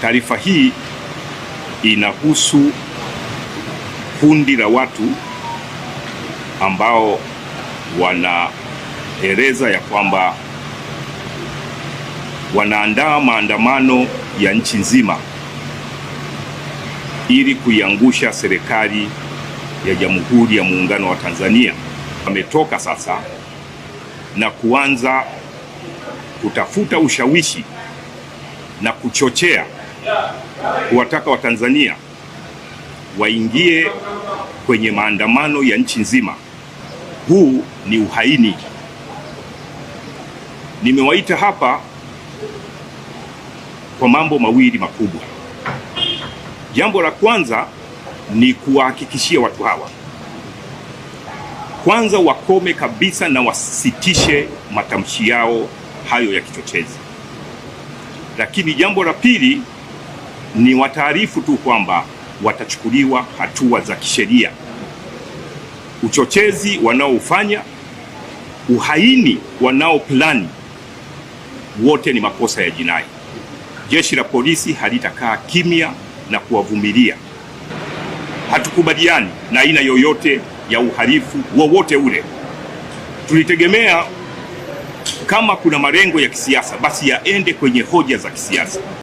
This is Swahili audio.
Taarifa hii inahusu kundi la watu ambao wanaeleza ya kwamba wanaandaa maandamano ya nchi nzima ili kuiangusha serikali ya Jamhuri ya Muungano wa Tanzania. Wametoka sasa na kuanza kutafuta ushawishi na kuchochea kuwataka Watanzania waingie kwenye maandamano ya nchi nzima. Huu ni uhaini. Nimewaita hapa kwa mambo mawili makubwa. Jambo la kwanza ni kuwahakikishia watu hawa kwanza wakome kabisa na wasitishe matamshi yao hayo ya kichochezi, lakini jambo la pili ni wataarifu tu kwamba watachukuliwa hatua za kisheria. Uchochezi wanaoufanya, uhaini wanaoplani, wote ni makosa ya jinai. Jeshi la polisi halitakaa kimya na kuwavumilia. Hatukubaliani na aina yoyote ya uhalifu wowote ule. Tulitegemea kama kuna malengo ya kisiasa, basi yaende kwenye hoja za kisiasa.